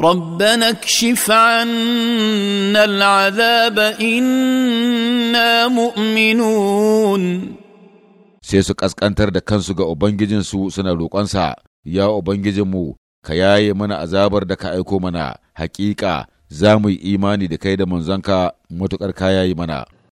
ربنا اكشف عنا العذاب إنا مؤمنون sai su ƙasƙantar da kansu ga Ubangijinsu suna roƙonsa, Ya Ubangijinmu, ka yaye mana azabar da ka aiko mana, hakika za mu yi imani da kai da manzanka matuƙar ka mana.